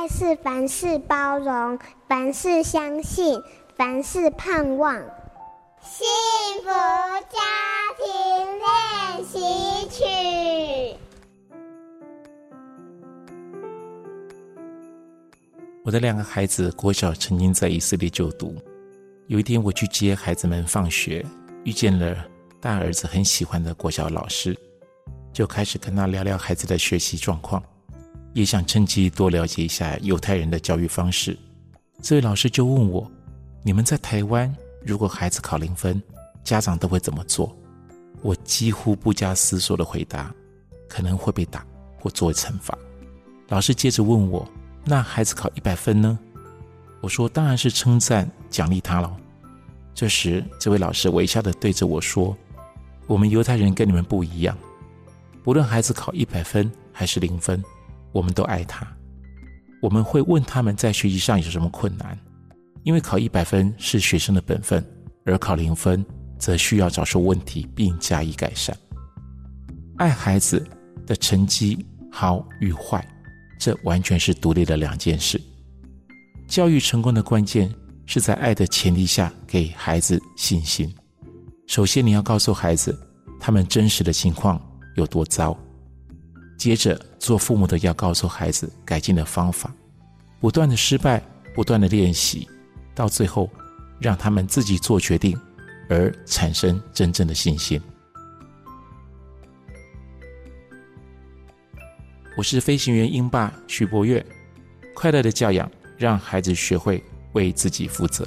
愛是凡事包容，凡事相信，凡事盼望。幸福家庭練習曲。我的兩個孩子國小曾經在以色列就讀。有一天，我去接孩子們放學，遇見了大兒子很喜歡的國小老師，就開始跟他聊聊孩子的學習狀況。也想趁機多了解一下猶太人的教育方式。這位老師就問我：“你們在台灣，如果孩子考零分，家長都會怎麼做？”我幾乎不假思索的回答：“可能會被打或作為懲罰。”老師接着問我：“那孩子考一百分呢？”我說：“當然是稱讚獎勵他咯。”這時，這位老師微笑的對着我說：“我們猶太人跟你們不一樣，不論孩子考一百分還是零分。”我們都愛他，我們會問他們在學習上有什麼困難，因為考一百分是學生的本分，而考零分則需要找出問題並加以改善。愛孩子的成績好與壞，這完全是獨立的兩件事。教育成功的關鍵是在愛的前提下給孩子信心。首先，你要告訴孩子他們真實的情況有多糟。接着，做父母的要告訴孩子改進的方法，不斷的失敗，不斷的練習，到最後，讓他們自己做決定，而產生真正的信心。我是飛行員鷹爸徐柏岳，快樂的教養，讓孩子學會為自己負責。